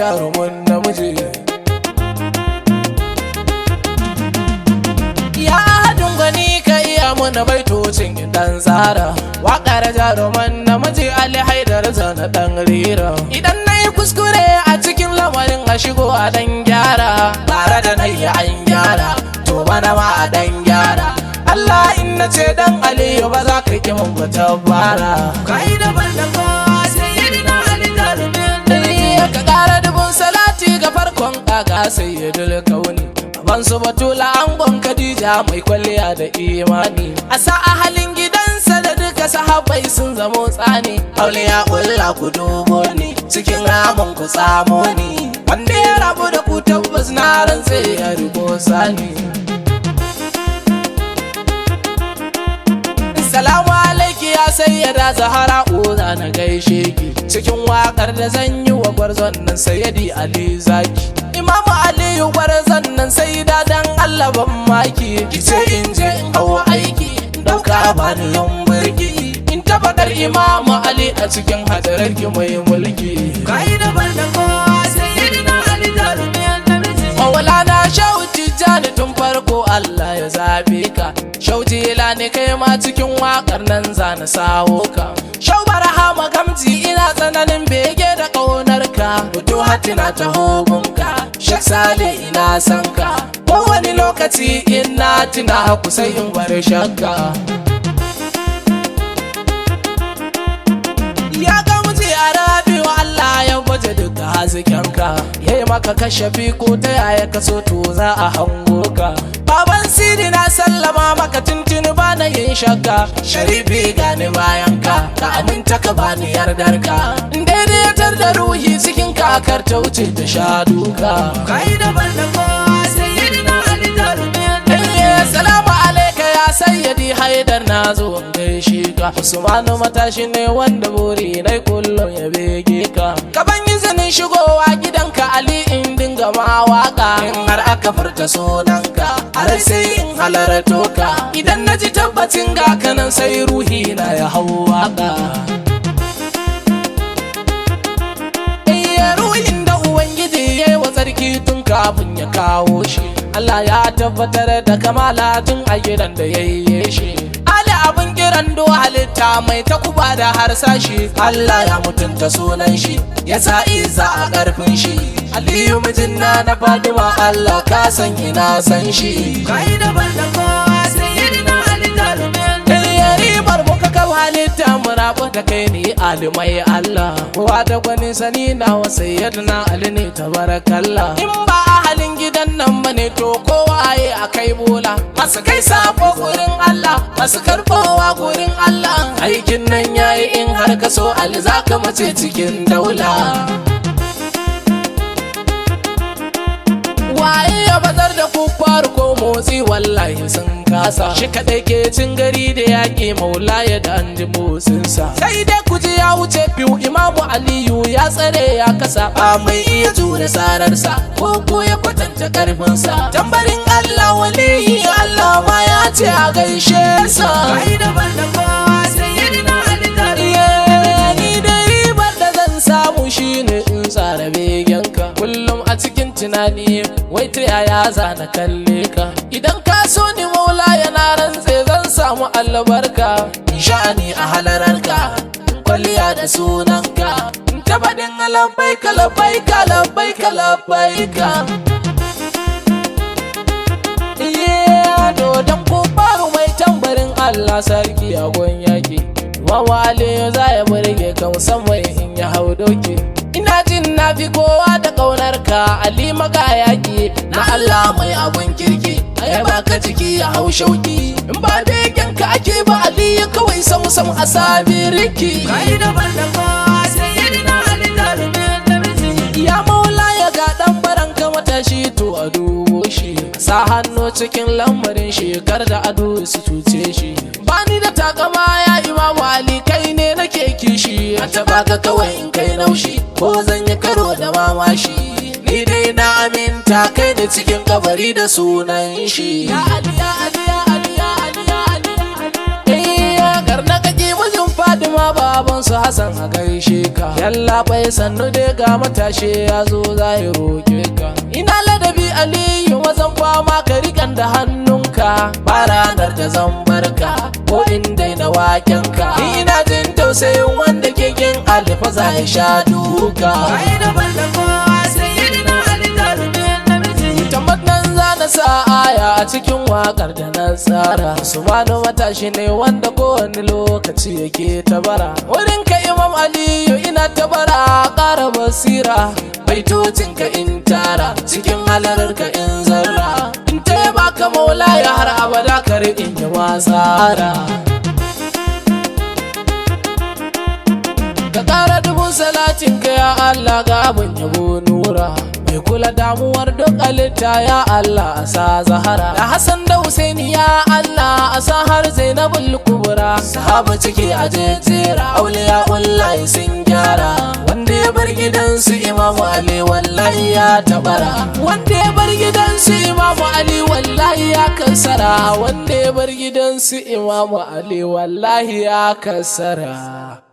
jarumin namiji ya ka iya muna baitocin idan zara? waƙar jaruman namiji ali haidar zana ɗan rira idan na yi kuskure a cikin lamarin a shigo a ɗan gyara bara da na yi an gyara to bana ma a ɗan gyara Allah in na ce dan Aliyu ba za ka ƙi mun ba ta bara. Kai da ga sai ya dole kauni ban su batula angon kadija, mai kwalliya da imani a sa'a halin gidansa da duka sahabbai sun zamo tsani auliya ulla ku dubo ni cikin ramin ku tsamo ni wanda ya rabu da ku tabbas na sai ya rubo sani da zahara oza na gaishe ki cikin wakar da zan yi wa gwarzon nan sayyidi ali zaki imamu aliyu gwarzon nan sai da dan allah ban maki ki ce in je in aiki dauka ba ni birki in tabbatar imamu ali a cikin hadarar ki mai mulki kai da ko Allah ya zabe ka shauti ne kai ma cikin wakar nan na sawo ka shau barahama gamji ina tsananin bege da kaunar ka fito hatina ta hukunka. shek sale ina sanka. ka kowane lokaci ina tuna kusa in bar shakka arzikinka ya yi maka kashafi ko ta yaya ka so to za a hango ka baban siri na sallama maka tuntun ba na yin shakka sharifi gani bayan ka ka aminta ka bani yardar ka tar da ruhi cikin kakar ta wuce ta sha duka kai da kowa sai yi na salamu alaika ya sayyadi haidar na zo gaishe ka usmanu matashi ne wanda buri na kullum ya bege ka ban yi ka furta sunanka a rai sai in halarto ka idan na ji tabbacin ga sai ruhi na ya hau waka ruhin da ubangiji ya yi wa sarki tun kafin ya kawo shi Allah ya tabbatar da kamala tun a gidan da ya yi shi Ali abin kiran do halitta mai takuba da harsashi Allah ya mutunta sunan shi ya sa iza a ƙarfin shi aliyu mijin na na fatima allah ka san ina san shi kai daban da kowa sayyidina ali yari bar muka ka walita eh, eh, murabu da kai ne alimai allah kowa da gwani sani na wa sayyidina ali ne tabarakallah in ba halin gidan nan bane to kowa a akai bola masu kai sabo gurin allah masu karbowa gurin allah aikin nan yayi in har ka so ali zaka mace cikin daula bazar da kufar ko motsi wallahi sun kasa shi kadai ke cin gari da yaƙi maula ya da an ji motsinsa sai dai kuji ya wuce biyu imamu aliyu ya tsare ya kasa ba mai iya jure sararsa ko ko ya kwatanta karfinsa tambarin allah waliyi allah ma ya ce a gaishe sa kai da ban da zan samu shine in tsara yanka. kullum a cikin tunani yaya za na kalle ka idan ka so ni maula yana rantse zan samu albarka sha'ani a halararka kwalliya da sunanka ta faɗin labbaika labbaika labbaika labbaika dodon kofaru mai tambarin allah sarki a gon yaki wawale za ya burge kan musamman in ya hau doki jin na fi kowa da ƙaunar ka ali maka yaƙi na Allah mai abun kirki ya baka jiki ciki ya hau shauki in ba begen ka ake ba ali ya kawai sam sam a sami riki kai da barnaba sai yadda ali halin da miji ya maula ya ga dan baran ka shi to a dubo shi sa hannu cikin lamarin shekar da ado su cuce shi bani da takama a taba ka kawai in kai naushi ko zan yi karo da mamashi ni dai na aminta kai da cikin kabari da sunan shi ya ali ya ali ya ali ya ali ya ali mijin eh, fatima baban su hasan a gaishe ka yalla bai sannu dai ga matashe ya zo zai roke ka ina ladabi aliyu mazan fama ka rikan da hannunka ba ranar da zan barka ko in daina wakenka ina jin tausayin wannan jirgin alifa za ya sha duka na sa aya a cikin wakar da na tsara da matashi ne wanda kowane lokaci yake tabara wurin ka imam aliyu ina tabara ƙara basira baitocin ka in tara cikin halarar ka in zarra in taya baka maula ya har abada kare in yi wasara salatin ka ya Allah ga abin yabo nura mai kula damuwar duk alita ya Allah a sa zahara da Hassan da Husaini ya Allah a sa har Zainabul Kubra sahaba ciki a jejjera auliya wallahi sun gyara wanda ya bar gidan su Imamu Ali wallahi ya tabara wanda ya bar gidan su Imamu Ali wallahi ya kasara wanda ya bar gidan su Imamu Ali wallahi ya kasara